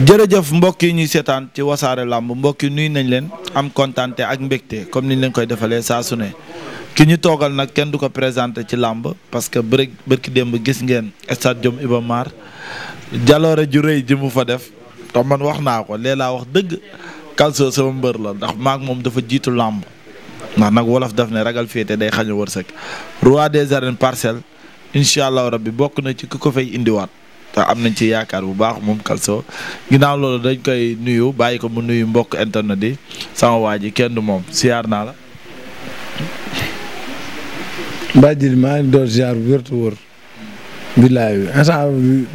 jërëjëf mbokk yi ñuy seetaan ci wasaare làmb mbokk yi nuyu nañ leen am kontaan ak mbégte comme niñ leen koy defalee saa su ne ki ñu toogal nag kenn du ko présenté ci làmb parce que bërëg bërki démb gis ngeen stade Jom Iba Mar jaloore ju rëy ji mu fa def te man wax naa ko léeg laa wax dëgg Calcio sama mbër la ndax maak moom dafa jiitu làmb ndax wolof daf ne ragal féete day xañu wërsëg roi des arènes parcelle incha allah rabbi bokk na ci ki ko fay indiwaat. te am nañ ci yaakaar bu baax moom Calcio ginnaaw loolu dañ koy nuyu bàyyi ko mu nuyu mbokk internet yi sama waa ji kenn du moom siyaar naa la. Bajil maa ngi doon siyaar bu wér te wóor. bilaay bi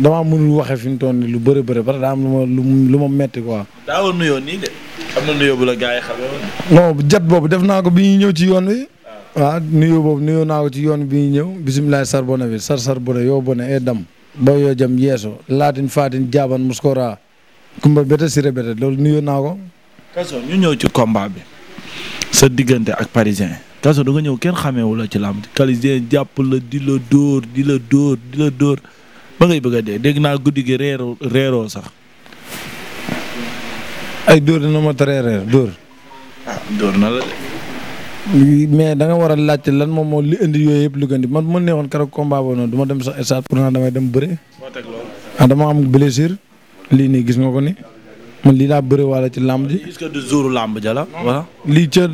damaa mënul waxee fi mu toll nii lu bëri bari parce que daa am lu ma lu ma metti quoi. daaw a nuyoo nii de am na nuyoo bu la gars yi xamee woon. non jat boobu def naa ko bi ñuy ñëw ci yoon wi. Ah. waaw nuyoo boobu nuyoo naa ko ci yoon bi ñuy ñëw bisimilah sar bone bi sar sar bone yoo bone ee eh, dam booy yoo jam yeeso laatin faatin jaaban muskora kumba bete sire bete loolu nuyoo naa ko. Kaso ñu ñëw ci combat bi sa diggante ak parisien Kaso da nga ñëw kenn xameewu la ci làmb parisien jàpp la di la dóor di la ba ngay bëgg a dee dégg naa guddi gi reeroo sax. ay dóor na ma teree reer ah, dóor. na la mais da nga war a laajte lan moom moo li indi yooyu yëpp lu gën di man ma neexoon keroog combat boobu noonu du ma dem sax pour naa damay dem bëre. ah dama am blessure lii ni gis nga ko ni man lii laa bëre wala ci làmb ji. est-ce que du jour lii ca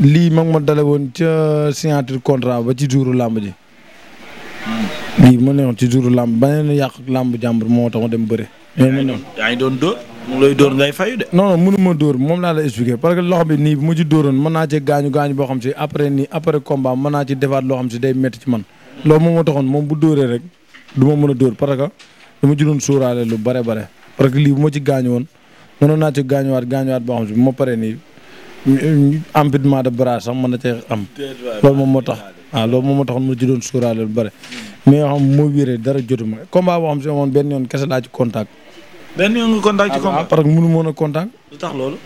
lii mag ma dale woon ca signature contrat ba ci jouru làmb ji. lii ma ne neexoon ci jouru làmb ba ne yàq làmb jàmbur moo tax ma dem bëre. yaa ngi doon mu lay dóor ngay fayu de. non non moom laa la expliqué parce que loxo bi nii bu ma ci dóoroon mën naa ci gaañu gaañu boo xam si après nii après combat mën naa ci defaat loo xam si moom moo taxoon rek du ma mën a dóor parce que dama ci doon sóoraale lu bare bare parce lii bu ma ci woon mënoon naa ci gaañuwaat gaañuwaat boo xam si bu ma paree nii amputement sax mën na cee am. moom moo tax waaw loolu moom moo taxoon ma ci doon sóoraale lu bare. mais yoo dara jotuma combat boo xam si benn yoon kese laa ci contact benn yoon nga contact ci ah, ah, parce que mënu moon woon a contact. lu tax loolu.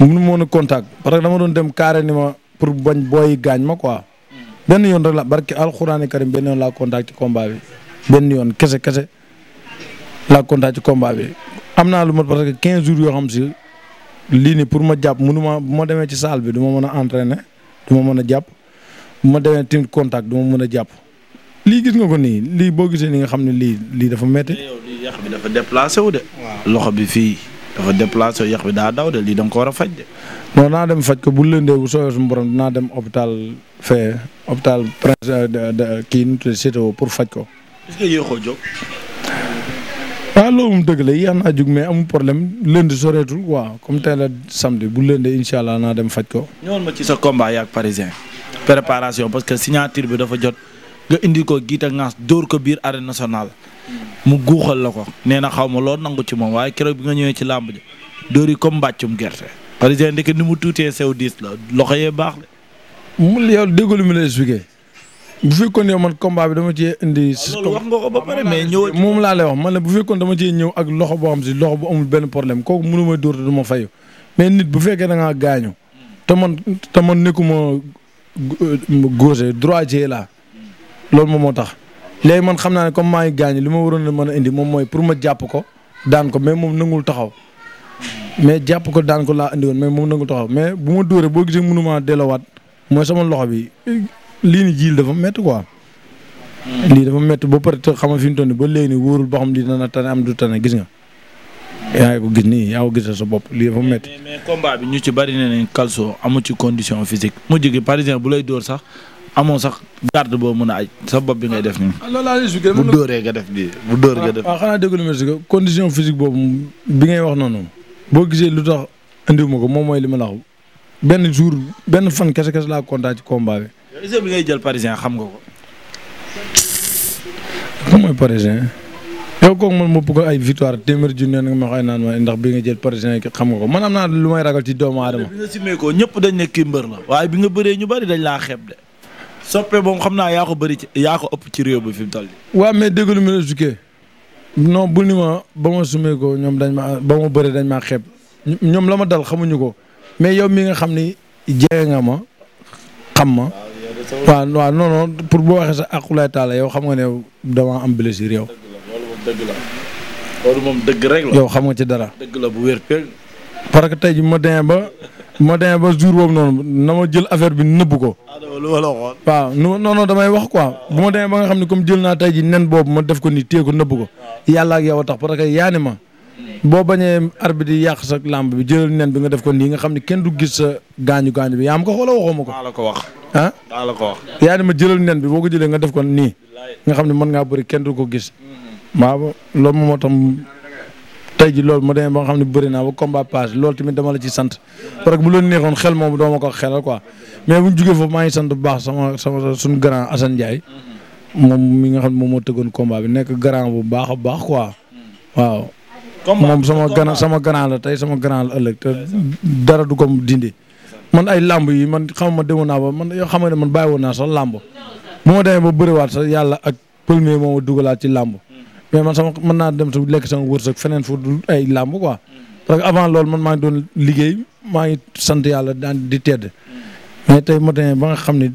mënu ma woon a contact parce que dama doon dem carré ni ma pour bañ booy gaañ ma quoi. Hmm. benn yoon rek la barki alxuraani karim benn yoon laa contact ci combat bi benn yoon kese kese laa contact ci combat bi am naa lu ma parce que 15 jours yoo xam si lii nii pour ma jàpp mënu ma bu ma demee ci salle bi duma ma mën a entraîner du ma mën a jàpp bu ma demee tamit contact du ma mën a jàpp. lii gis nga ko nii lii boo gisee ni nga xam ne lii lii dafa métti. yow bi dafa déplacé wu de. loxo bi fii dafa déplacé wu yàq bi daa daw de lii da ko war a faj de. non naa dem faj ko bu lëndee bu soobee suñu borom dem hôpital fee hôpital prince euh, pour faj ko. est-ce que yéexoo ah, dëgg la yéex naa jug mais amul problème lënd soreetul waaw comme tey la samedi bu lëndee incha allah naa dem faj ko. ñëwal ma ci sa combat yaak parisien préparation parce que signature bi dafa jot. nga indi ko giita ngaas dóor ko biir arène nationale mu guuxal la ko nee na xaw ma loo nangu ci moom waaye keroog bi nga ñëwee ci làmb ji dóor yi comme mbàccum gerte. parisien ndeke ni mu tuutee sew diis la loxo yee baax la. mu yow déggu mu la expliqué bu fekkoon ne man combat bi dama cee indi. Ah, loolu wax nga ko ba pare mais ñëw moom laa lay man la bu fekkoon dama cee ñëw ak loxo boo xam si loxo bu amul benn problème kooku mënu ma dóor te ma fayu mais nit bu fekkee da ngaa gaañu. te man te man nekkuma euh, gauche droitier la loolu moom moo tax léegi man xam naa ne comme maa ngi gaañ li ma waroon a mën a indi moom mooy pour ma jàpp ko daan ko mais moom nangul taxaw mais jàpp ko daan ko laa indi woon mais moom nangul taxaw mais bu ma dóoree boo gisee mënu maa delloowaat mooy sama loxo bi lii ni jiil dafa métti quoi. lii dafa métti ba pare xam nga fi mu toll nii ba léegi nii wóorul boo xam lii dana tane am du tane gis nga. yaa ngi ko gis nii yaa ko sa bopp lii dafa métti. mais ñu ci bari ne nañ Calcio amu ci condition physique mujj gi parisien bu lay door sax amoon sax garde boo mën a aj sa bopp bi ngay def nii. Ah, bu dóoree ga def bii bu dóor nga ah, def. waaw ah, bi ngay wax noonu boo gisee lu tax indiwuma ko moom mooy li ma la wax benn jour benn fan kese kese laa kontaan ko. moom mooy parisien yow kooku man ma bëgg ay victoire téeméer junne nga ma wax naan ma ndax bi nga jël parisien xam nga ko man am naa lu may ragal ci doomu aadama. bi nga simee ko ñëpp dañ nekk mbër la. waaye bi nga bëree ñu bari dañ laa xeeb de soppe moom xam naa yaa ko bëri ci yaa ko ëpp ci réew bi fi mu toll nii. waaw mais déglu mu la sukkee non bu ni ma ba ma sumee ko ñoom dañ ma ba ma bëri dañ ma xeeb ñoom la ma dal xamuñu ko mais yow mi nga xam ni jege nga ma xam ma. waaw waaw non pour boo waxee sa aqulaay taala yow xam nga ne dama am yow. dëgg la loolu xam nga ci dara. dëgg la bu wér ma demee ba ma demee ba jour boobu noonu na ma jël affaire bi nëbb ko. Ah, waaw non damay wax quoi ah. bu ma demee ba nga xam ne comme jël naa tey ji nen boobu ma def ko nii téye ko nëbb ko. Ah. yàlla ak a tax parce que yaa ma. boo bañee arbitre di yàq sa làmb bi jëlal nen bi nga def ko nii nga xam ne kenn du gis sa gaañu bi yaa am ko ma ko. maa la ko wax. ah ko wax. yaa ni ma jëlal nen bi boo ko jëlee nga def ko nii nga xam ne mën ngaa bëri kenn du ko gis. Mm-hmm. waaw loolu moo tax tey ji loolu ma demee ba xam ne bëri naa ba combat page loolu tamit dama la ci sant parce que bu loolu neexoon xel moom doo ko xelal quoi mais bu ñu jugee foofu maa ngi sant sama sama suñu grand Assane Ndiaye moom mi nga xam ne moom moo tëggoon combat bi nekk grand bu baax a baax quoi waaw. moom sama grand sama grand la tey sama grand la ëllëg dara du ko dindi. man ay lamb yi man xam ma demoon naa ba man yoo xam ne man bàyyi woon naa sax lamb bu ma demee ba bëriwaat sax yàlla ak premier moom ma dugalaat ci lamb mais man sama mën naa dem su lekk sama wërsëg feneen fu dul ay làmb quoi parce que avant loolu man maa ngi doon liggéey maa ngi sant yàlla daan di tedd mais tey matin ba nga xam ne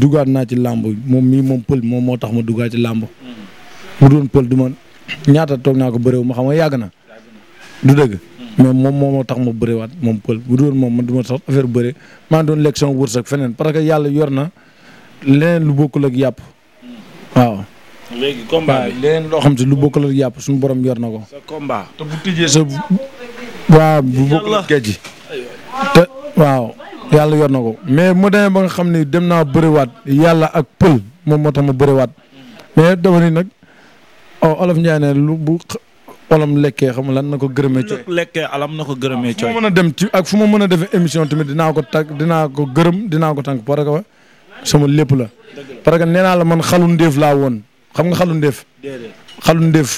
dugaat naa ci làmb moom mii moom pël moom moo tax ma dugaat ci làmb mu doon pël du ñaata toog naa ko bëréew ma xam nga yàgg na du dëgg mais moom moom moo tax ma bëriwaat moom pël bu doon moom man du ma sax affaire bëri maa doon lekk sama wërsëg feneen parce que yàlla yor na leneen lu bokkul ak léegi combat leneen loo xam si lu bokkul ak yàpp suñu borom yor na ko. sa combat te bu tijjee sa. waaw bu bokkul ak géej te waaw yàlla yor na ko mais mu demee ba nga xam ni dem naa bëriwaat yàlla ak pël moom moo tax ma bëriwaat mais dafa ni nag oh, olof Ndiaye ne lu bu olam lekkee xam lan na ko gërëmee. cooy lekkee alam na ko gërëmee a dem ci ak fu ma mën a defee émission tamit dinaa ko tàgg dinaa ko gërëm dinaa ko tànk parce que sama lépp la. parce que nee naa la man xalu laa woon. xam nga xalu ndéef xalu ndéef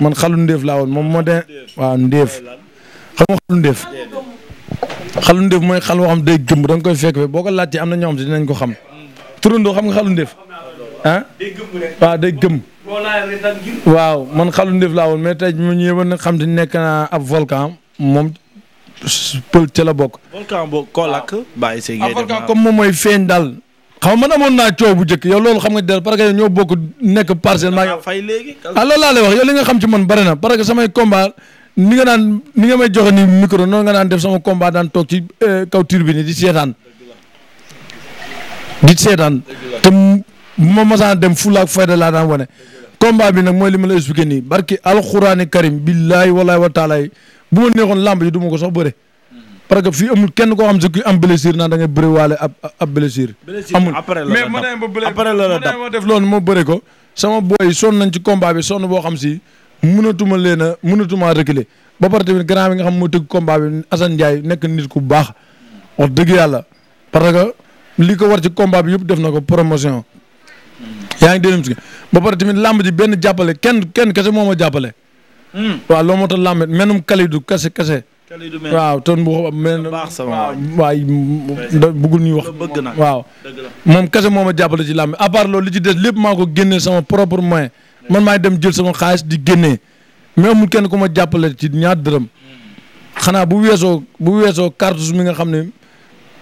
man xalu ndéef la woon moom moo de waaw ndéef xam nga xalu ndéef xalu ndéef mooy xal woo xam day gëmb da nga koy fekk boo ko am na ñoo xam si dinañ ko xam turandoo xam nga xalu ndéef ah waaw man xalu ndéef laa woon mais tey mu ñëwoon nag xam te nekk naa ab volcan moom pël ca la bokk volcan boobu ah, comme moom mooy feeñ daal xaw man moon naa coow bu njëkk yow loolu xam nga del parce que nekk parcelle maa fay léegi ah loolu laa lay wax yow li nga xam ci man bari na parce que samay combat ni nga naan ni nga may joxe ni micro noonu nga naan def sama combat daan toog ci eh, kaw turbine di seetaan di seetaan te bu ma masaan dem fulaak fayda laa daan wane bi nag mooy li ma la expliqué nii barki alxuraani karim billaahi walaahi wa taala bu ma neexoon lamb ji du ma ko sax bëre parce que fii amul kenn koo xam si kuy am blessure naan da ngay bëri waale ab ab blessure. amul mais mu ne ma bëri après la la dab ma def loolu ma ko. sama boy yi sonn nañ ci combat bi sonn boo xam si mënatuma leen a mënatuma reculer ba pare tamit grand bi nga xam moo tëgg combat bi Assane Ndiaye nekk nit ku baax wax dëgg yàlla parce que li ko war ci combat bi yëpp def na ko promotion. yaa ngi déglu si ba pare tamit làmb ji benn jàppale kenn kenn kese moo ma jàppale. Hmm. waaw loo moo tax làmb menum Kalidou kese kese. waaw ton bu mel na baax sama waay bëggul ñuy wax waaw moom kese moom a jàppale ci làmb a part loolu li ci des lépp maa ko génnee sama propre man maay dem jël sama xaalis di génnee mais amul kenn ku ma jàppale ci ñaar dërëm xanaa bu weesoo bu weesoo cartouche mi nga xam ne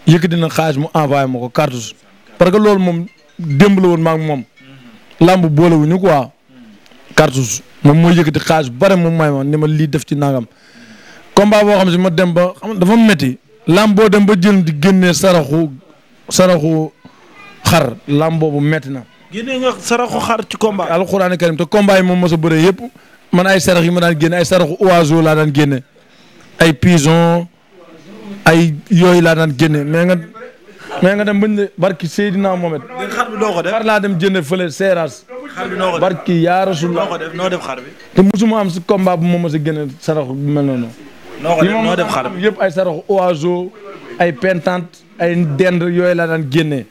yëkkati na xaalis mu envoyé ma ko cartouche parce que loolu moom démb la woon maa ngi moom mm-hmm. làmb boolewuñu quoi mm-hmm. cartouche moom mooy yëkkati xaalis bu bare moom may ma ni ma lii def ci nangam combat boo xam si ma dem ba xam dafa metti lamb boo dem ba jël di génnee saraxu saraxu xar lamb boobu metti na. génne nga saraxu xar ci combat. alxuraani karim te combat yi moom mos a yëpp man ay sarax yi ma daan génne ay saraxu oiseau laa daan génne ay pigeon ay yooyu laa daan génne mais nga mais nga dem bañ ne barki Seydina Mohamed. xar bi doo dem jënd fële Seras. xar bi noo yaa Rasulullah. noo ko def noo am si combat bu ma génne saraxu mel noonu. noo def xalam yépp ay saraxu oiseau ay pentante ay dend yooyu la daan génnee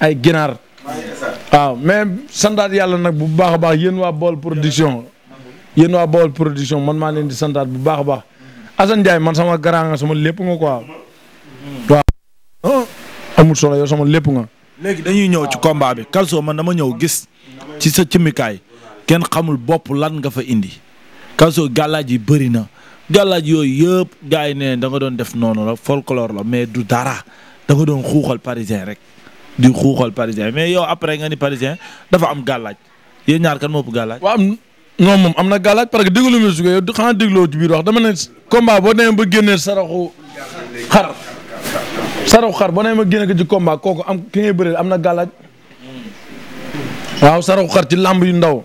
ay ginaar waaw mais santaat yàlla nag bu baax a baax yéen waa bool production yéen waa bool production man maa leen di santaat bu baax a baax Assane Ndiaye man sama grand nga sama lépp nga ko waaw oh, amul solo yow sama lépp nga léegi dañuy ñëw ci combat bi Kalso man dama ñëw gis ci sa cimikaay kenn xamul bopp lan nga fa indi Kalso gàllaaj yi bëri na gàllaaj yooyu yëpp gars yi ne doon def noonu la folklore la mais du dara da nga doon xuuxal parisien rek di xuuxal parisien mais yow après nga ni parisien dafa am gàllaaj yéen ñaar kan moo ëpp waaw moom am na gàllaaj parce que déglu musique yow xanaa dégloo ba génnee saraxu xar saraxu ba génne ko ci combat kooku am am na gàllaaj waaw saraxu yu ndaw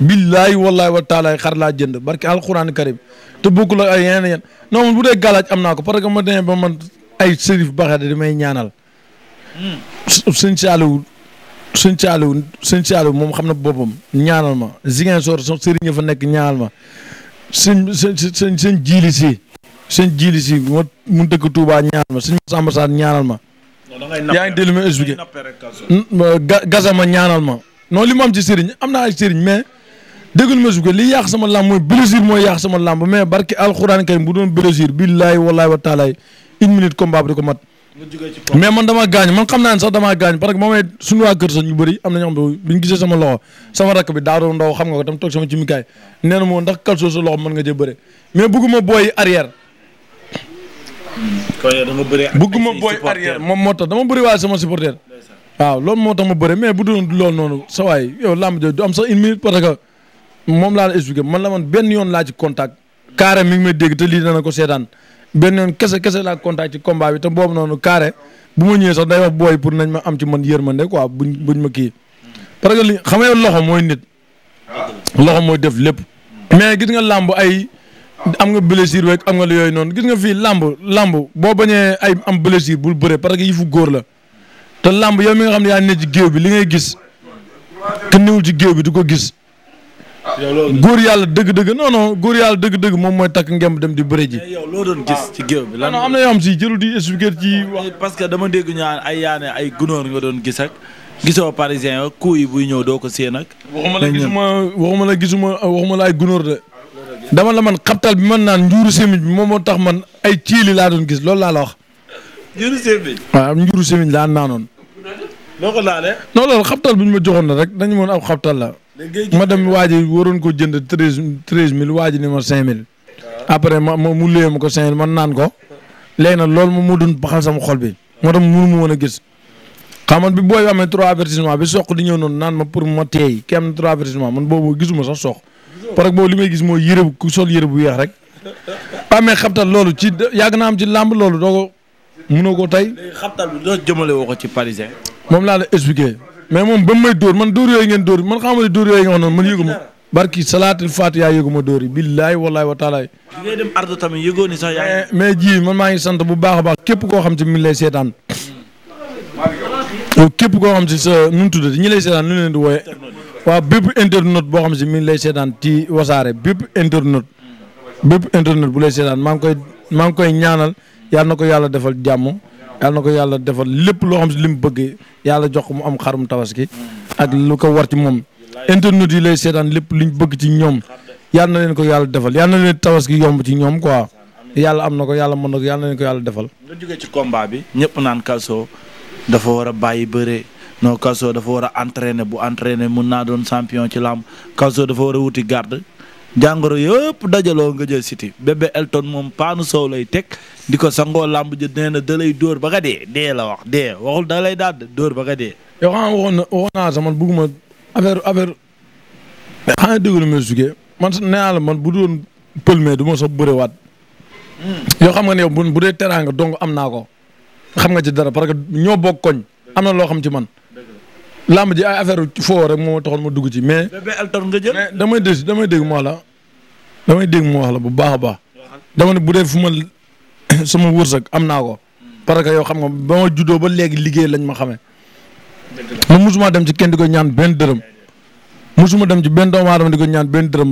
billaahi wallaahi wa taala xar laa jënd barki alxuraan karim te bokkul ak ay yeneen yeneen non man bu am naa ko parce que ma demee ba man ay sërif baxade damay ñaanal. Hmm. sëñ Saliou sëñ Saliou moom xam na boppam ñaanal ma Ziguinchor so sëriñ fa nekk ñaanal ma sëñ sëñ sëñ jiili si sëñ jiili si ma mu dëkk Touba ñaanal ma sëñ Samba Sane ñaanal ma. yaa ngi déglu ma expliqué. ñaanal ma. non li ma am ci am naa ay sëriñ mais. déglu ma su ko li yàq sama làmb mooy blessure mooy yàq sama làmb mais barki alxuraan karim bu doon blessure billaahi wallaahi wa taalaay une minute combat bi di ko mat. mais man dama gaañ man xam naa ne sax damaa gaañ parce que moom suñu waa kër sax ñu bëri am na ñoo xam ne bi ñu gisee sama loxo sama nga ko tam toog sama ci mikaay nee na moo ndax kalsoo sa loxo mën nga jë bëre mais bëgguma booy arrière bëgguma booy arrière moom moo tax dama bëri waaye ma bëri mais sa waay yow làmb jooju du am sax une minute parce que moom laa la expliqué man la man benn yoon laa ci contact carré mi ngi may dégg te lii dana ko seetaan benn yoon kese kese laa contact ci combat bi boobu noonu carré bu ma ñëwee sax day wax booy pour nañ ma am ci man yërmande quoi buñ buñ ma kii. parce que lii xam nga loxo mooy nit. loxo mooy def lépp. mais gis nga làmb ay am nga blessure rek am nga lu yooyu noonu gis nga fii làmb làmb boo bañee ay am blessure bul bëre parce que yëfu góor la te lamb yow mi nga xam ne yaa ne ci géew bi li ngay gis te néewul ci géew bi du ko gis. góor yàlla dëgg-dëgg non non góor yàlla dëgg-dëgg moom mooy takk ngemb dem di bëre ji. Eh, yow loo doon ah. lan am na yoo xam si jëru di expliquer ci ah, wax. parce que dama dégg ñaan ay yaane ay gunóor nga doon gis ak gisoo parisien ak coup yi buy ñëw doo ko séen ak. waxuma la gisuma waxuma la gisuma waxuma la ay gunóor de. dama la man xabtal bi man naan njuuru semiñ bi moom moo tax man ay ciili laa doon gis loolu laa la wax. njuuru semiñ. waaw njuuru semiñ laa naanoon. noo ko laalee. non bi ñu ma joxoon la rek dañu moon ab xabtal la ma dem waa ji waroon ko jënd treize treize mille waa ni ma cinq mille. Ah. après ma ma mu léegi ko cinq mille man naan ko. léegi nag loolu moom moo doon baxal sama xol bi. moo tax mënu ma a gis. xam nga bi booy bi amee trois avertissement bi sok di ñëw noonu naan ma pour ma teey ki am na trois avertissement man boobu gisuma sax soq. parce que boobu li may gis mooy yëre ku sol yëre bu weex rek. amee xabtal loolu ci yàgg naa am ci làmb loolu doo ko mënoo ko tey. léegi xabtal jëmale woo ko ci parisien. moom laa la expliqué. mais moom ba may dóor man dóor yooyu ngeen dóor man xamal ne dóor yooyu nga wax noonu man yëguma barki salaatul fatiha yëguma dóor yi billaahi wallaahi wa taala ngay dem ardo tamit yëgoo ni sax yaa mais ji man maa ngi sant bu baax a baax képp koo xam ci mi lay seetaan képp koo xam ci sa nu mu tuddati ñi lay seetaan nu leen di wooye waaw bépp internet boo xam ci mi lay seetaan ci wasaare bépp internet bépp internet bu lay seetaan maa ngi koy maa ngi koy ñaanal yàlla na ko yàlla defal jàmm yàlla na ko yàlla defal lépp loo xam si li mu bëggee yàlla jox ko mu am xarum tabaski ak lu ko war ci moom internet yi lay seetaan lépp liñ bëgg ci ñoom yàlla na leen ko yàlla defal yàlla na leen tabaski yomb ci ñoom quoi yàlla am na ko yàlla mën na ko yàlla na leen ko yàlla defal. nga jógee ci combat bi ñëpp naan Kalso dafa war a bàyyi bëre non Kalso dafa war a entraîner bu entraîner mun naa doon champion ci làmb Kalso dafa war a wuti garde jàngoro yëpp dajaloo nga jël siti bébé Elton moom paan soow lay teg di ko sangoo làmb jë nee na da dóor ba nga dee dee la wax dee waxul da lay daal dóor ba nga dee. yow xanaa waxoon na waxoon naa sax man bëgguma affaire affaire. xanaa déglu lu muy man bu doon pëlmee du ma sax hmm. yoo xam nga ne yow bu dee teraanga dong am naa ko. xam nga ci dara parce que ñoo bokk koñ am na loo xam ci man. làmb ji ay affaire foo rek moo taxoon ma dugg ci mais. bébé Elton nga jël mais damay dégg damay dégg mu wax la damay dégg mu wax la bu baax a baax. dama ne bu dee fu ma sama wërsëg am naa ko. pare que yow xam nga ba ma juddoo ba léegi liggéey lañ ma xamee. ma musuma dem ci kenn di ko ñaan benn dërëm. musuma dem ci benn doomu aadama di ko ñaan benn dërëm.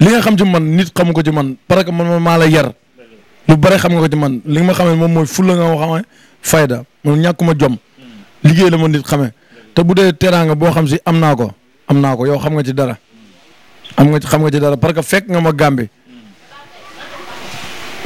li nga xam ci man nit xamu ko ci man parce que man maa la yar. lu bare xam nga ko ci man li ma xamee moom mooy fulla nga ma xamee fayda ñàkk ma jom. liggéey la ma nit xame te bu dee teraanga boo xam si am naa ko am naa ko yow xam nga ci dara am nga xam nga ci dara parce que fekk nga ma gàmbi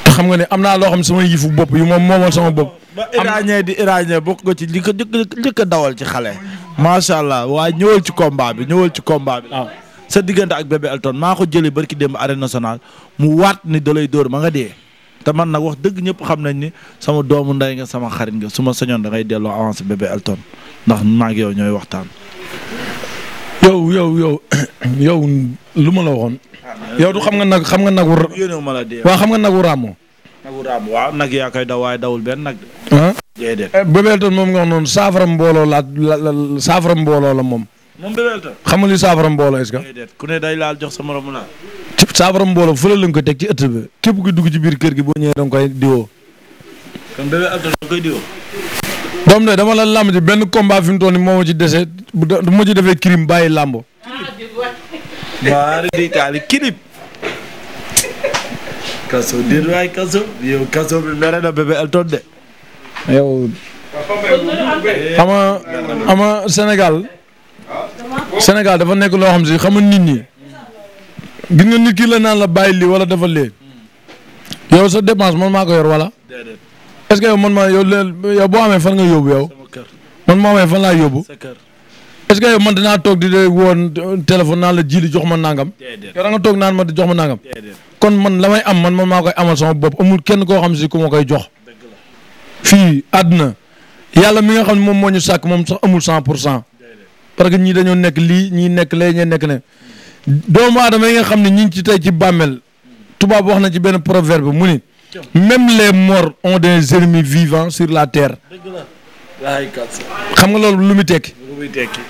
te xam nga ne am naa loo xam sama yifu bopp yi moom moomal sama bopp. ba iranien di iranien bokk nga ci li ko li ko dawal ci xale. macha allah waaye ñëwal ci combat bi ñëwal ci combat bi. Ah. sa diggante ak bébé Elton maa ko jëlee barki démb arène nationale mu waat ni da lay dóor ma nga dee. te man nag wax dëgg ñëpp xam nañ ni sama doomu nday nga sama xarit nga suma sañoon dangay ngay delloo avancé bébé Elton ndax maa ngi yow ñooy waxtaan. yow yow yow yow ma la waxoon. yow du xam nga nag xam nga nagu. yéen ma la dee waaw xam nga nagu Ramo. nagu nag yaa koy daw waaye dawul benn nag. ah bébé Elton moom nga wax noonu saafara mbooloo laa la saafara mbooloo la moom. moom bébé xamul li saafara mbooloo est-ce ku day laal jox sa morom laal. saafara mbooloo fële lañ ko teg ci ëtt bi képp ku dugg ci biir kër gi boo ñëwee da nga koy diwoo. doom de dama la làmb ci benn combat fi mu ci dese bu ma ci defee crime bàyyi làmb. maa kaso déet waay kaso yow de. yow. xama xama dafa nekk loo xam si xama nit ñi. gis nga nit ki la naan la bàyyi lii wala dafa lee hmm. yow sa dépense man maa ko yor wala. est ce que yow man maa yow yow boo amee fan nga yóbbu yow. man moo amee fan laa yóbbu. est ce que yow man dinaa toog di de woon téléphone naan la ji li jox ma nangam. yow da nga toog naan ma di jox ma nangam. kon man la may am man man maa koy amal sama bopp amul kenn koo xam si ku ma koy jox. fii àdduna yàlla mi nga xam ne moom moo ñu sàkk moom sax amul cent pour cent. parce que ñii dañoo nekk lii ñii nekk lee ñee nekk ne. doomu aadama yi nga xam ne ñu ngi ci tey ci bàmmeel tubaab wax na ci benn proverbe mu ni même les morts ont des ennemis vivants sur la terre. xam nga loolu lu muy tekki. lu muy tekki.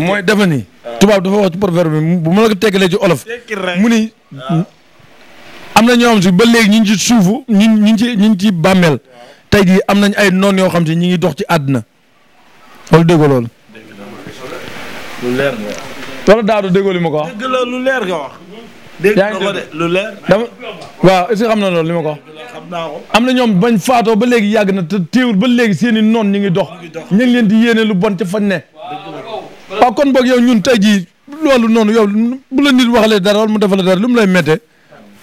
mooy dafa ni. Ah. tubaab dafa wax ci proverbe bu ma la ko tekkalee ci olof. mu ni ah. am na xam si ba léegi ñu ngi ci suufu ñu ñu ngi ci ñu ngi ci bàmmeel ah. tey jii am nañ ay noon yoo xam si ñu ngi dox ci àdduna. wala dégg loolu. wala Daado déggoo li ma ko wax. lu leer nga wax. dégg na ko de waaw est-ce xam na loolu li ma ko wax. naa am na ñoom bañ faatoo ba léegi yàgg na te teewul ba léegi seen i noon ñu ngi dox. ñu ngi leen di yéene lu bon ca fañ ne. waaw kon boog yow ñun tey jii loolu noonu yow bu la nit waxalee dara wala mu defal dara lu mu lay méttee.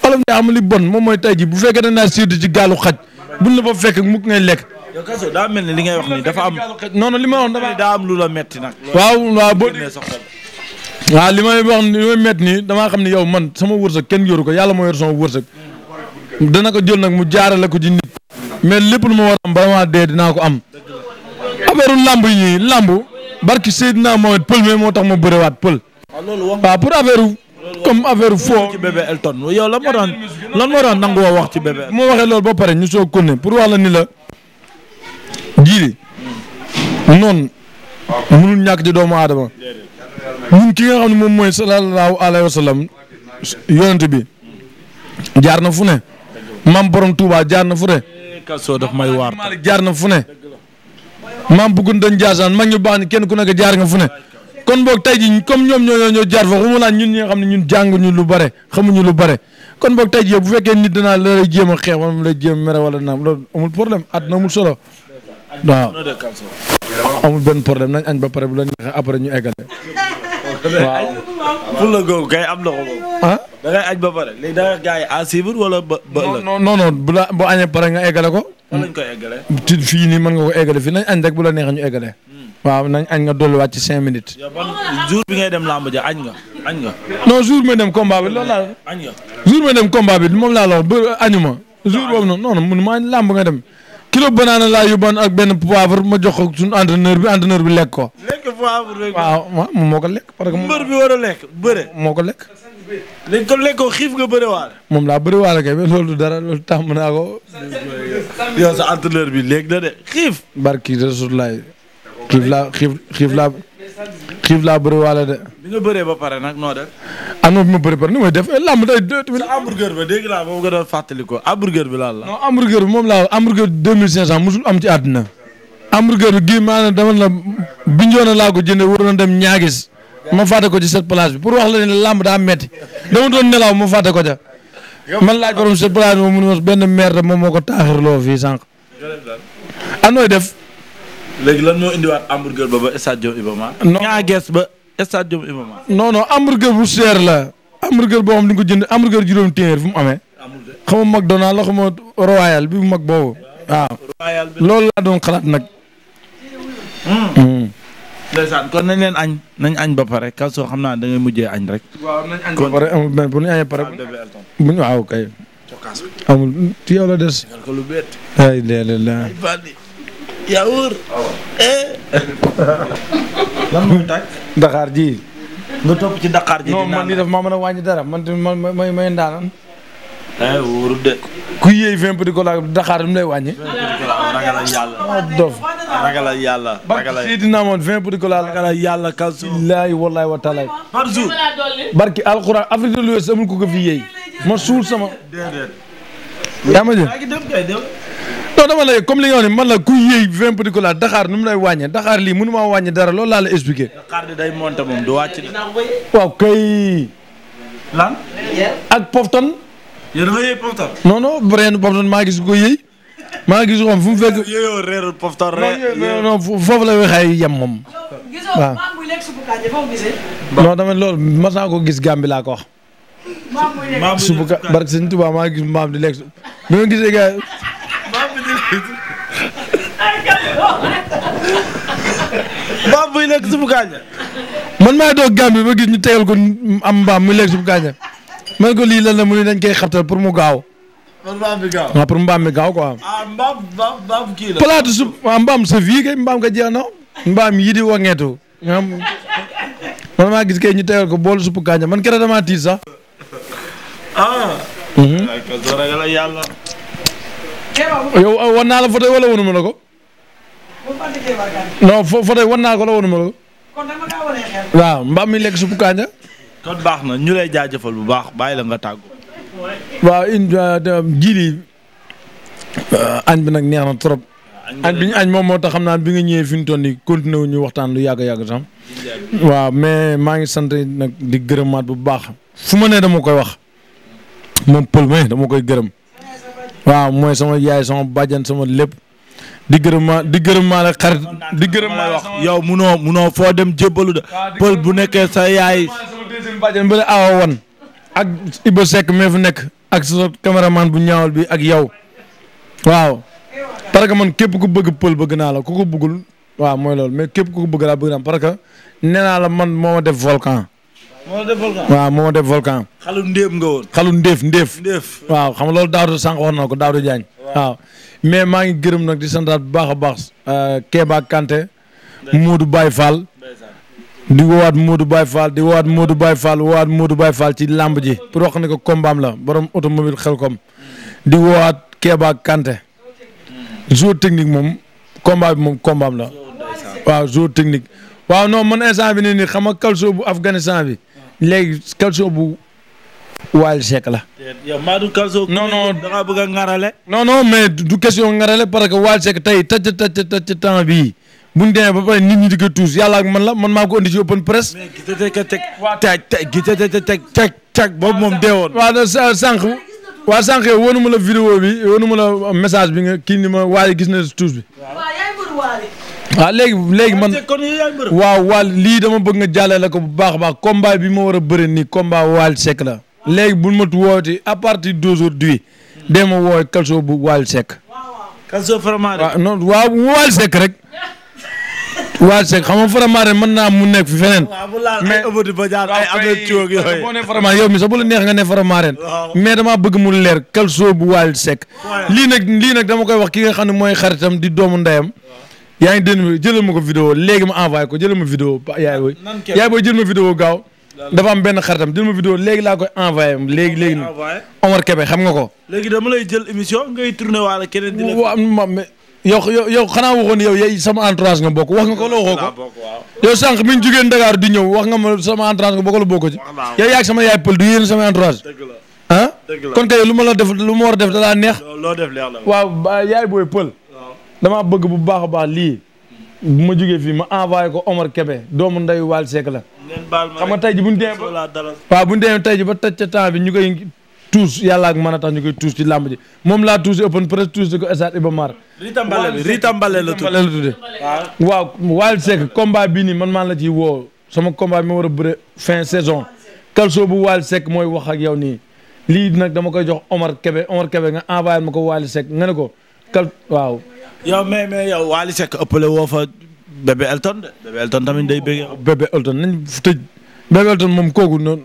xoolal ne am li bon moom mooy tey jii bu fekkee da naa siidu ci gaalu xaj buñ la fekk mukk ngay lekk. yow kaso daa mel ni li ngay wax nii dafa am. non non li ma wax dafa am lu la metti nag. waaw waaw boo waa li may wax ni met nii damaa xam ne yow man sama wërsëg kenn yoru ko yàlla moo yor sama wërsëg dana ko jël nag mu jaarale ko ci nit mais lépp lu ma war a am maa dee dinaa ko am affaire lamb yi lamb barki Seydina Mohamed pël mais moo tax ma bëriwaat pël waaw pour affaire comme affaire foo ci lan moo daan wax ci moo waxee loolu ba pare ñu soo ko ne pour wax la ni la jiiri noonu mënul ñàkk ci doomu aadama ñun ki nga xam ne moom mooy sallallahu alayhi wa sallam bi jaar na fu ne maam borom Touba jaar na fu ne. Kaso daf may waar Malick na fu ne. maam bëggun dañ jaasaan mag ñu baax ni kenn ku nekk jaar nga fu ne kon boog tey ji comme ñoom ñoo ñoo jaar fa xamu laan ñun ñi nga xam ne ñun jànguñu lu bare xamuñu lu bare kon boog tey ji bu fekkee nit danaa la lay jéem a xeex wala mu lay jéem mere wala naam loolu amul problème at na amul solo amul benn problème nañ añ ba pare bu la neexee ñu waaw fulla googu kay am na ko moom. da ngay añ ba ba. ba ëllëg non non non bu la bu nga eggale ko. fan lañ koy eggale. ci fii nii mën nga ko eggale fii nañ añ rek bu la neexee ñu eggale. Hmm. waaw nañ añ nga dolliwaat ci cinq minutes. yow bi ngay dem làmb ja añ nga añ nga. non jour may dem combat bi loolu laa. añ nga jour may dem ba añu ma. jour boobu noonu non man maa nga dem. kilo banaana laa yóbboon ak benn poivre ma jox ko suñu entraîneur bi entraîneur bi lekk ko. lekk moo ko lekk. parce que mbër bi war a lekk bëre. moo ko lekk. léegi ko lekkoo xiif nga bëre waale. moom laa bëre waale kay loolu dara loolu tàmm naa ko. yow sa entraîneur bi léegi na de xiif. barki Rasulullah xiif laa xiif xiif laa. xiif ma bëri pare ni may def lamb day. sa moom la. non hamburger bi laa hamburger deux mille cinq cent musul am ci àddina. hamburger gii maanaam dama la binjoona laa ko jëndee waroon dem ñaagis ma fàtte ko ci cette place bi pour wax la ne lamb daa metti dama doon nelaw ma fàtte ko ca. man laaj borom cette place bi moom benn maire de moo ko taaxirloo fii sànq. am nooy def. léegi lan moo indiwaat hamburger ba ba stade Iba Mar. non ba stade Iba Mar. non non hamburger bu cher la. hamburger boo xam ne ko jënd hamburger juróom téeméer fu mu amee. xama McDonald la xama royal bi mu mag boobu. waaw royal bi laa doon xalaat nag. Hmm. Hmm. ndeysaan kon nañ leen añ nañ añ ba pare kaw soo xam naa da ngay mujjee añ rek. waaw nañ añ ba pare amul benn bu ñu añee pare. bu ñu waaw kay. amul ci yow la des. ay léeg-léeg yaa wóor. lan Dakar ji. nga topp ci Dakar ji. non man li daf maa mën a wàññi dara man man may may de. ku yéey vingt petit cola Dakar lu mu lay wàññi. yàlla. Ah, dof ragalal yàlla. barki dina amoon vingt petit cola ragalal yàlla kasu. billaahi wallaahi wa taala. par jour barki alxuraan Afrique de l'Ouest ku ko fi yéey. ma suul sama. déedéet. yaa non dama lay comme li nga wax ne man la kuy yëy vin particulier daxaar nu mu lay wàññee daxaar lii ma maa wàññe dara loolu laa la expliqué. daxaar di day monter moom du ak pofton. yéen a ngi pofton. maa gis ko yëy maa gis ko fu mu fekk. yéyoo reeru pofton rek. non non foofu la waxee yem moom. waaw non gis Gàmbi laa ko wax. mbaam buy lekk suufu gaaña man maa doog Gambie ba gis ñu tegal ko am mbaam muy lekk suufu gaaña man ko lii lan la mu ne dañ koy xabtal pour mu gaaw. pour mbaam bi gaaw waaw pour mbaam mi gaaw ah, mbaam mbaam mbaam ka jeex mbaam yii di wangeetu man maa gis kay ñu tegal ko bool suppu gaaña man keroog damaa tiit yow euh, wan naa la photo wala wanu ma la ko. non fo photo naa ko la ma la waaw mbaam mi lekk supp kanja. kon baax na ñu lay jaajëfal bu baax bàyyi la nga tàggu. waaw in euh, jiili euh, añ bi nag neex na trop. añ bi añ moom moo tax xam naa bi nga ñëwee fi mu toll nii continué wu ñu waxtaan lu yàgg a yàgg tam. waaw mais maa ngi sant nag di gërëmaat bu baax fu ma ne dama koy wax moom pël ma dama koy gërëm. waaw mooy sama yaay sama bàjjan sama lépp di gërëm di gërëm maa la xarit di gërëm maa wax yow munoo munoo foo dem jébbalu da pël bu nekkee sa yaay sama deuxième bàjjan ba ak Iba Seck mee fi nekk ak sa caméraman bu ñaawal bi ak yow waaw parce que man képp ku bëgg pël bëgg naa la ku ko bëggul waaw mooy loolu mais képp ku ko bëgg laa bëgg naa parce que nee naa la man moo def volcan moo def volcan def volcan. xalu ndéef nga woon. xalu ndéef waaw xam loolu Daouda sànq wax na ko Daouda Diagne. waaw mais maa ngi gërëm nag di santaat bu baax a baax. Euh, Kéba Kanté. Modou Baye Fall. di woowaat Modou Baye Fall di woowaat Modou Baye ci làmb ji pour wax ne ko kombaam la borom automobile Xelkom di woowaat Kéba Kanté hmm. jour technique moom combat bi moom kombaam la waaw jour technique waaw non man instant bi nii nii xam nga Calcio bu Afghanistan bi. léegi calcio bu Waly Seck la. yow Madou calcio. non non da ngaa bëgg a ngarale. non non mais du question ngarale parce que Waly Seck tey tëj tëj tëj temps bii bu ñu demee ba pare yàlla ak man la man maa ko indi teg teg teg teg teg boobu moom dee woon. waaw sànq waaw sànq yow wóonu ma la vidéo bi wóonu ma la message bi nga kii ma Waly gis na tuus bi. waaw waaw ah, léegi léegi man waaw waal lii dama bëgg nga jàllale ko bu baax a baax combat bi ma war a bëri nii combat Wally Seck la léegi bu ma wootee à partir d'aujourd'hui dee ma woowee Calcio bu Wally Seck. Calcio Faramare. waaw waaw Wally rek Wally Seck xam nga Faramare mën naa mu nekk fi feneen. mais boo nee Faramare yow mi sax bu la neex nga ne Faramare mais damaa bëgg mu leer Calcio bu Wally Seck. lii nag lii nag dama koy wax ki nga xam ne mooy xaritam di doomu ndeyam. yaa ngi déglu jëlal ma ko ko jëlal ma vidéo yaay booy yaay booy jël ma vidéo gaaw dafa am benn xaritam jël ma vidéo léegi laa koy envoyé léegi léegi ni Omar Kébé xam nga ko léegi dama lay jël émission ngay tourné waale keneen di la waaw mam yow yow xanaa waxoon yow yay sama entourage nga bokk wax nga ko la waxoo ko yow sànq mi ñu jógee Dakar wax nga ma sama entourage nga bokk la bokk ci yow yaag sama yaay pël du yéen sama entourage ah? kon kay lu ma la lu ma war a def da laa neex waaw yaay booy pël damaa bëgg bu baax a baax lii bu ma jugee fii ma envoyé ko Omar Kébé doomu ndeyu Waal Seck la. xam nga tey ji bu ñu demee ba waaw bu ñu demee tey ji ba tëj ca temps bi ñu koy tuus yàlla ak mën a tax ñu koy tuus ci làmb ji moom laa tuus open press tuus di ko Esat Iba Mar. Ritambale bi Ritambale la tudd la waaw Waal Seck combat bii nii man maa la ciy woo sama combat bi ma war a bëre fin saison. Kalso bu Waal Seck mooy wax ak yow nii lii nag dama koy jox Omar kebe Omar Kébé nga envoyé ma ko Waal Seck nga ne ko kal waaw. yaa mais mais yow Wally Seck ëppale woo fa Bébé Elton de tamit day bëgg. Oh, Bébé Elton nañ fa tëj Elton moom kooku noonu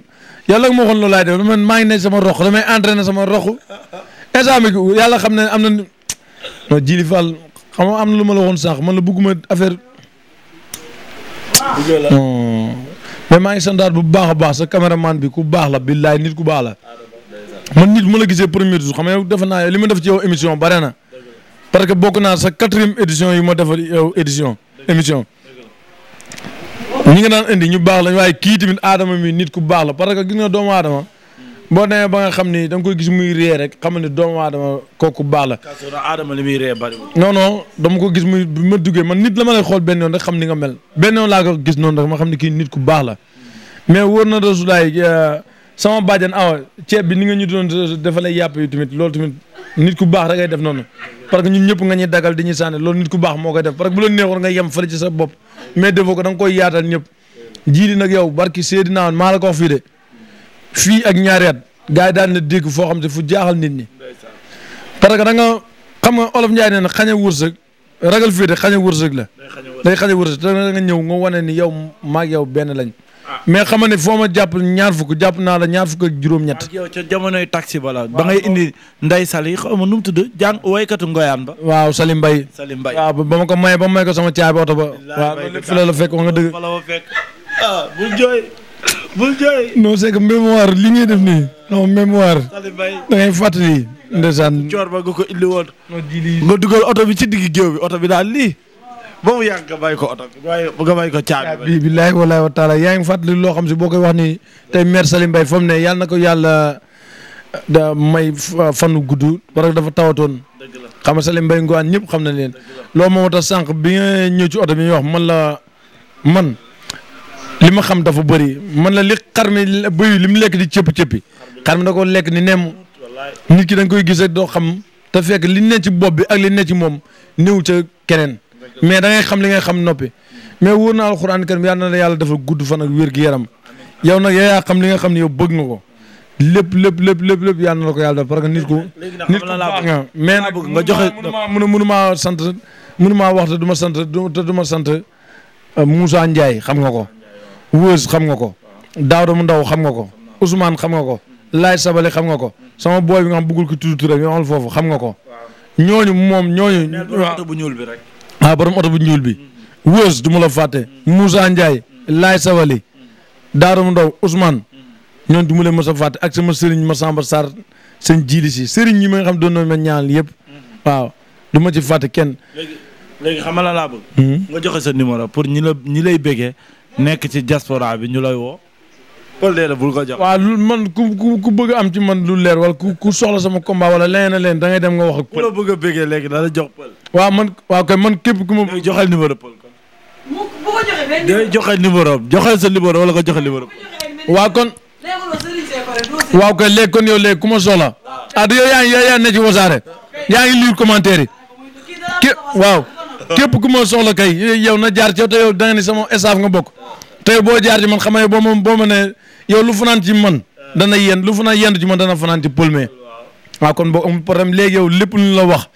yàlla moo xool loolu laay def man maa ngi ne sama rox damay entraîné sama roxu instant bi yàlla xam ne am na non Jili Fall xam nga am lu ma la waxoon sànq man la bëgguma affaire. non mais maa ngi bu baax a baax sa caméraman bi ku baax la billaay nit ku baax la man nit bu ma la gisee premier jour xam nga defe naa li ma def ci yow émission bare na. parce que bokk naa sa quatrième édition yi ma defal yow édition émission ñi nga daan indi ñu baax lañ waaye kii tamit aadama mi nit ku baax la parce que gis nga doomu aadama boo demee ba nga xam ni da nga koy gis muy ree rek xam ne doomu aadama kooku baax la. aadama li muy ree bari non ko gis muy bi ma man nit la ma lay xool benn yoon xam ni nga mel benn yoon laa ko gis noonu rek ma xam ne kii nit ku baax la mais wóor na rasulaay euh, sama bàjjan awa ceeb bi ni nga ñu doon defalee yàpp yi tamit loolu tamit. nit ku baax rek ngay def noonu parce que ñun ñëpp nga ñuy dagal di ñuy sànni loolu nit ku baax moo ko def parce que bu la neexoon nga yem fële ci sa bopp mais defoo ko da nga koy yaatal ñëpp jiidi nag yow barki seedi naawoon maa la ko wax fii de fii ak ñaari at gars yi daan na dégg foo xam te fu jaaxal nit ñi parce que da nga xam nga olof Njaay nee na xañ a ragal fii de xañ a wërsëg la day xañ a wërsëg te da nga ñëw nga wane ni yow maak yow benn lañ mais xam nga ne foo ma jàpp ñaar fukk jàpp naa la ñaar fukk ak juróom-ñett. ak yow ca jamonoy taxi ba la. ba ngay indi Ndeye Sali xaw ma nu mu tudd jàng woykatu ngoyaan ba. waaw Sali Mbaye. Sali ba ma ko ma may ko sama caabi oto ba. waaw loolu lépp fi la la fekk wax nga dëgg. ah bul jooy bul jooy. non c'est que li ngay def nii non mémoire. Sali Mbaye da ngay fàttali. nga ko indi woon. bi ci digg géew bi oto bi daal lii. ba mu yàgg ko oto bi nga bàyyi ko caabi bi billahi wallahi wa taala yaa ngi fàttali loo xam si boo koy wax ni tey maire Salim Mbaye fa mu ne yàlla na ko yàlla da may fanu gudd parce dafa tawatoon xam nga Salim Mbaye Ngouane ñëpp xam na leen loo moo tax sànq bi nga ñëw ci oto bi ñu wax man la man li ma xam dafa bari man la li xar mi bëyu li mu lekk di cëpp-cëppi xar mi da ko lekk ni nemm nit ki da koy gis doo xam te fekk li ne ci bopp bi ak li ne ci moom néew ca keneen mais da ngay xam li ngay xam noppi mais wóor na alxuraan karim yal na la yàlla gudd fan ak wér gi yaram yow nag yaa xam li nga xam ne yow bëgg nga ko lépp lépp lépp lépp lépp yal na la ko yàlla def parce que nit ku. nit ku baax nga mais nag nga joxe mënu mënu maa sant mënu maa wax te du sant te du sant euh, Moussa xam nga ko Wëz xam nga ko Daouda mu ndaw xam nga ko Ousmane xam nga ko Laay Sabali xam nga ko sama booy bi nga xam bëggul ko tudd foofu xam nga ko ñooñu moom ñooñu. ah borom oto bu ñuul bi wës du ma la fàtte Moussa Ndiaye Laay Sawali Daarum Ndaw Ousmane ñoon du ma leen mos a fàtte ak sama ma Massamba Sarr seen jiili si sëriñ yi ma nga xam doon na ma ñaanal yëpp waaw du ma ci fàtte kenn. léegi léegi xamal hmm? nga joxe sa numéro pour ñi la ñi lay bëggee nekk ci diaspora bi ñu lay woo. Paul nee bul ko jox. man ku ku bëgg am ci man lu leer wala ku ku soxla sama combat wala leneen leen dangay ngay dem nga wax ak. bëgg a bëggee léegi dana jox Paul. waaw man waaw kay man képp ku ma. joxal numéro Paul. mu bu ko joxee benn numéro day joxe numéro sa wala ko joxe numéro. waaw kon. waaw kay léegi kon yow léegi ku soxla. ah du yaa ngi yaa ne ci wasaare. yaa ngi lire commentaire yi. ki waaw. soxla kay yow na jaar ci yow te yow da ni sama staff nga bokk. tey boo jaar ci man xam nga boo ma boo ma ne yow lu fanaan ci man dana yend lu fanaan yend ci man dana fanaan ci pëlme waaw kon boo am problème léegi yow lépp la wax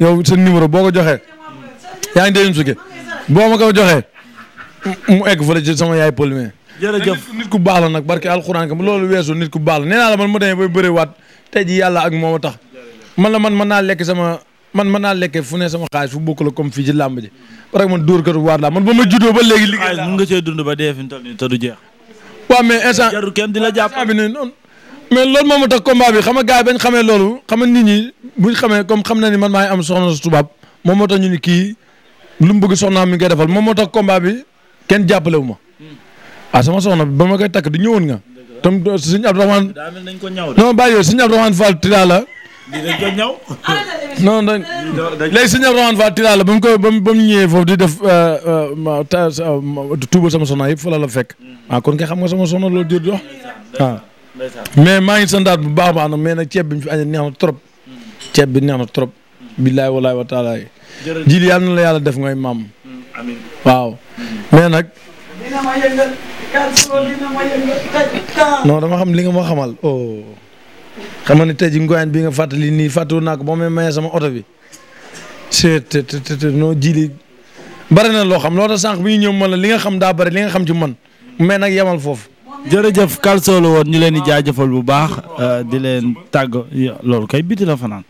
yow sa numéro boo ko joxee yaa ngi dégg suke boo ma ko joxee mu egg fële ci sama yaay pëlme jërëjëf nit ku baax la nag barke alxuraan kam loolu weesu nit ku baax la nee naa la man ma demee bay bëri waat te ji yàlla ak moom a tax man la man mën naa lekk sama man mën naa lekkee fu ne sama xaalis fu bokk la comme fii ci làmb ji parce man dóor katu waar laa man ba ma juddoo ba léegi. liggéey laa mun instant jarul loolu moom moo tax combat bi xam bañ xamee loolu xam nga buñ xamee comme xam na ni man maay am soxna su tubaab moom ñu ni kii lu mu bëgg soxnaam mi ngi koy defal moom moo tax combat bi ma. Hmm. ah sama soxna ba ma koy takk du ñëwoon nga. tam euh, sëñ Abdourahmane. daa mel nañ ko ñaw de. non bàyyi yooyu la lii dañ ko ñaw. non dañ léegi suñu ba mu koy ba mu di def tuuba sama soxna yëpp fa fekk. ah kon nga xam nga sama soxna loo di dox. ah mais maa ngi sandaat bu baax a baax na mais nag ceeb bi ñu fi añee neex na trop. ceeb bi neex na trop. billaay walaay wa taala yi. jërëjëf yàlla na la yàlla def ngay maam. waaw. mais nag. dina ma yëngal. non dama xam li nga ma xamal oh. xam nga ne tey ji ngooyaan bi nga fàttali nii fàttewu naa ko ba mu mayee sama oto bi c'est te te te noo jili bari na loo xam loo tax sànq bu ñu ñëw man la li nga xam daa bari li nga xam ci man mais nag yemal foofu. jërëjëf Kalso la woon ñu leen di jaajëfal bu baax euh, di leen tàgg loolu kay biti na fanaan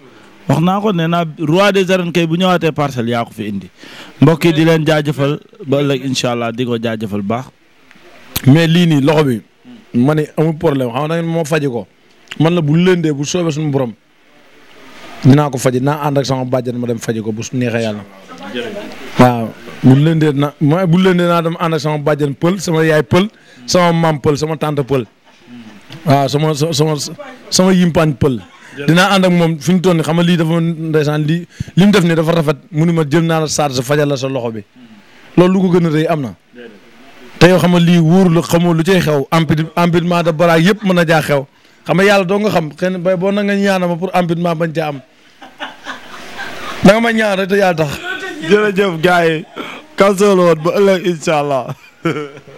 wax naa ko nee naa roi des arènes kay bu ñëwaatee parcelle yaa ko fi indi mbokk yi di leen jaajëfal ba ëllëg incha allah di ko jaajëfal bu baax. mais lii nii loxo bi. ma ne amul problème xam nga da ngeen moo faji ko. man la bu lëndee bu soobee suñu borom dinaa ko faji naa ànd ak sama bàjjan ma dem faji ko bu neexee yàlla waaw bu lëndee na ma bu lëndee naa dem ànd ak sama bàjjan pël sama yaay pël sama maam pël sama tante pël waaw sama sama sama yimpaañ pël dinaa ànd ak moom fi ñu toll nii xam nga lii dafa ndeysaan lii li mu def nii dafa rafet mu ni ma jël naa la charge fajal la sa loxo bi loolu lu ko gën a rëy am na te yoo xam nga lii wóoru la xamoo lu cay xew empêchement de baraag yëpp mën na jaa xew xam nga yàlla doo nga xam xëy na bay boo na nga ñaanama pour ampitement bañ ca am na nga ma ñaan te yàlla tax jërëjëf gars yi kasool ba ëllëg incha